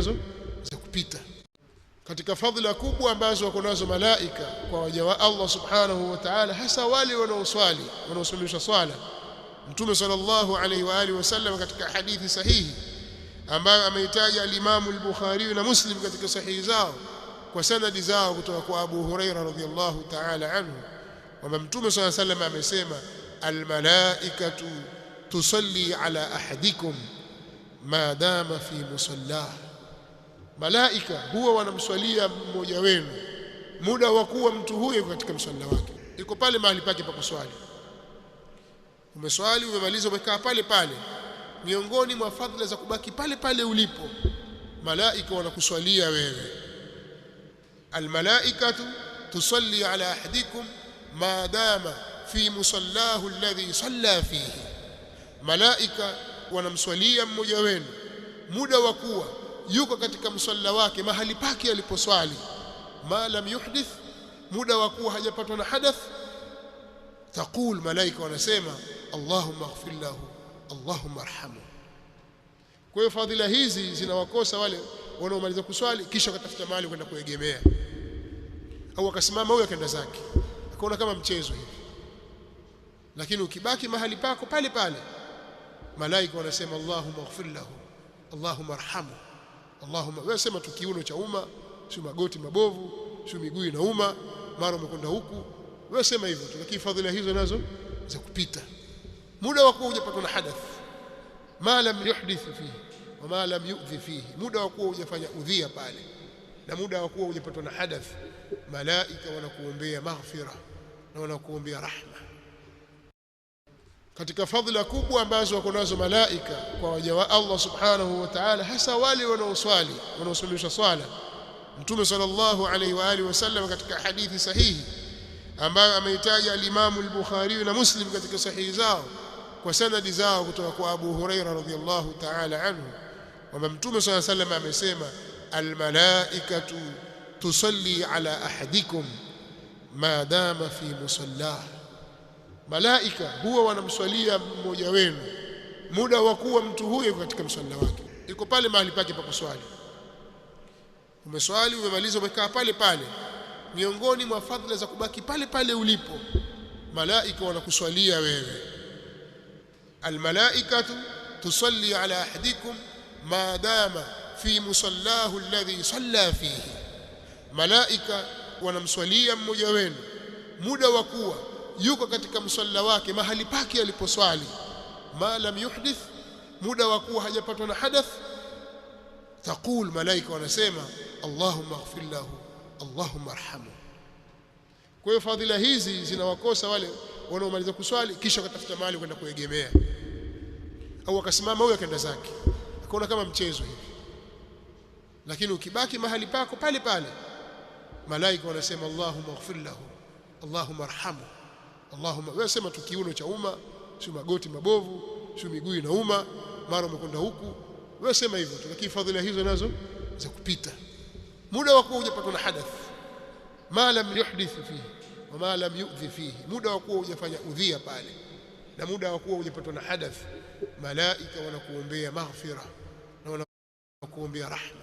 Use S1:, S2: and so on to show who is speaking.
S1: nazo za kupita katika fadhila kubwa ambazo wako nazo malaika kwa waja wa Allah subhanahu wa ta'ala hasa wale wanaoswali wanaosimamisha swala mtume sallallahu alaihi wa alihi wasallam katika hadithi sahihi ambayo ameitaja alimamu imamu al-Bukhari na Muslim katika sahihi zao kwa sanadi zao kutoka kwa Abu Huraira radhiyallahu ta'ala anhu kwamba mtume sallallahu alaihi wasallam amesema almalaikatu malaikatu tusalli ala ahadikum ma dama fi musallah malaika huwa wanamswalia mmoja wenu muda wa kuwa mtu huyo katika msalla wake, iko pale mahali pake pa kuswali. Umeswali, umemaliza, umekaa pale pale, miongoni mwa fadhila za kubaki pale pale ulipo, malaika wanakuswalia wewe. Almalaikatu tusalli ala ahadikum ma dama fi musallahu alladhi salla fihi, malaika wanamswalia mmoja wenu muda wa kuwa yuko katika msalla wake mahali pake aliposwali ma lam yuhdith muda wa kuwa hajapatwa na hadath taqul malaika wanasema allahumma ighfir lahu allahumma arhamu kwa hiyo fadhila hizi zinawakosa wale wanaomaliza kuswali kisha wakatafuta mahali kwenda kuegemea au akasimama huyo akaenda zake akaona kama mchezo hivi lakini ukibaki mahali pako pale pale malaika wanasema allahumma ighfir lahu allahumma arhamu Allahumma, wewe sema tu kiuno cha umma, sio magoti mabovu, sio miguu inauma, mara umekwenda huku. Wewe sema hivyo tu, lakini fadhila hizo nazo za kupita muda wa kuwa hujapatwa na hadath, ma lam yuhdith fihi wa ma lam yu'dhi fihi, muda wa kuwa hujafanya udhia pale na muda wa kuwa hujapatwa na hadath, malaika wanakuombea maghfira na wanakuombea rahma. katika fadhila kubwa ambazo wako nazo malaika kwa waja wa Allah subhanahu wa ta'ala hasa wale wanaoswali wanaosimamisha swala mtume sallallahu alayhi wa alihi wasallam katika hadithi sahihi ambayo ameitaja al imam al-Bukhari na Muslim katika sahihi zao kwa sanadi zao kutoka kwa Abu Huraira radhiyallahu ta'ala anhu kwamba mtume sallallahu alayhi wasallam amesema al-malaikatu tusalli ala ahadikum ma dama fi musallahu malaika huwa wanamswalia mmoja wenu muda wa kuwa mtu huyo katika msalla wake, iko pale mahali pake pa kuswali. Umeswali, umemaliza, umekaa pale pale. Miongoni mwa fadhila za kubaki pale pale ulipo, malaika wanakuswalia wewe. Almalaikatu tusalli ala ahadikum ma dama fi musallahu alladhi salla fihi, malaika wanamswalia mmoja wenu muda wa kuwa yuko katika msalla wake mahali pake aliposwali ma lam yuhdith muda wa kuwa hajapatwa na hadath taqul malaika wanasema allahumma ighfir lahu allahumma arhamhu kwa hiyo fadhila hizi zinawakosa wale wanaomaliza kuswali kisha wakatafuta mahali kwenda kuegemea au akasimama huyo akaenda zake akaona kama mchezo hivi lakini ukibaki mahali pako pale pale malaika wanasema allahumma ighfir lahu allahumma arhamhu Allahumma, wewe sema tu kiuno cha umma, sio magoti mabovu, sio miguu inauma, mara umekwenda huku. Wewe sema hivyo tu, lakini fadhila hizo nazo za kupita muda wa kuwa hujapatwa na hadath, ma lam yuhdith fihi wa ma lam yu'dhi fihi, muda wa kuwa hujafanya udhia pale na muda wa kuwa hujapatwa na hadath, malaika wanakuombea maghfira na wanakuombea rahma.